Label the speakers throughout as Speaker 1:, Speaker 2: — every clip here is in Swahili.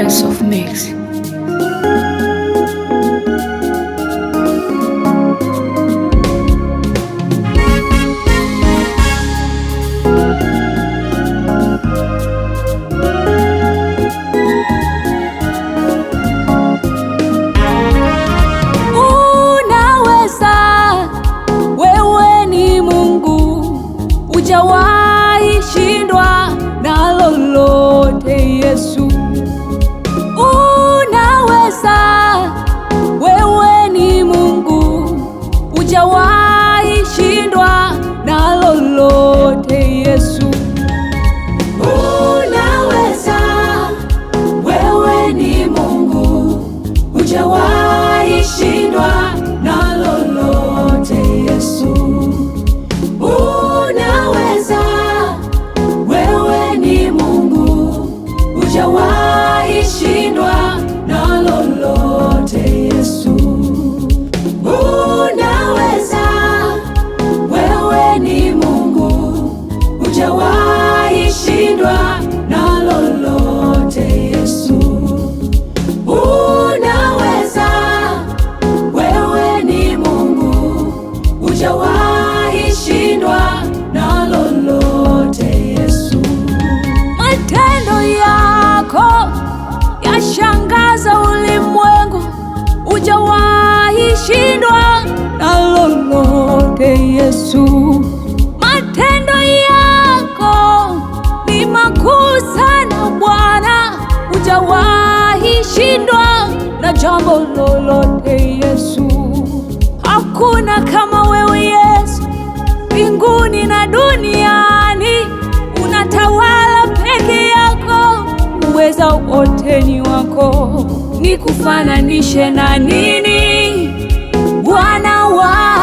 Speaker 1: hands of Mexico.
Speaker 2: hujawahi shindwa na lolote. Yesu unaweza, wewe ni Mungu hujawahi
Speaker 3: yako yashangaza ulimwengu, ujawahi shindwa na lolote Yesu. Matendo yako ni makuu sana Bwana, ujawahi shindwa na jambo lolote. uweza wote ni wako, nikufananishe na nini Bwana wa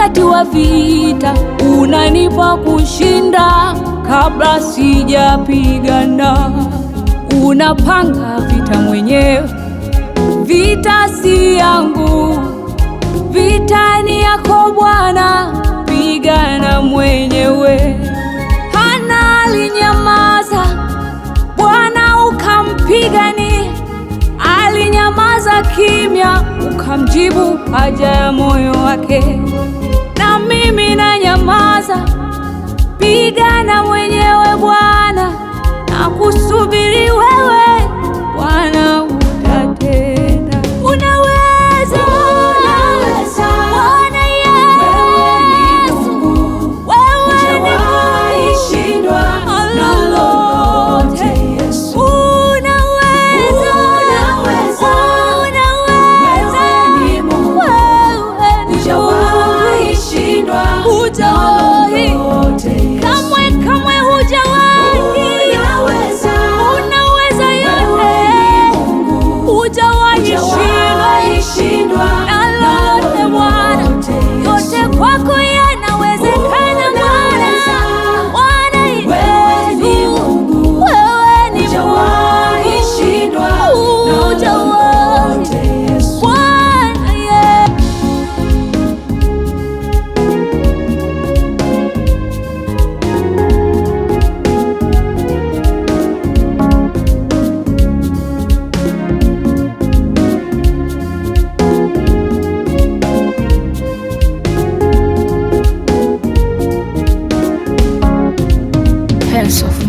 Speaker 3: wakati wa vita unanipa kushinda kabla sijapigana. Unapanga vita mwenyewe, vita si yangu, vita ni yako Bwana, pigana mwenyewe. Hana alinyamaza, Bwana ukampigani alinyamaza kimya, ukamjibu haja ya moyo wake mimi na nyamaza, pigana mwenyewe Bwana.
Speaker 1: So.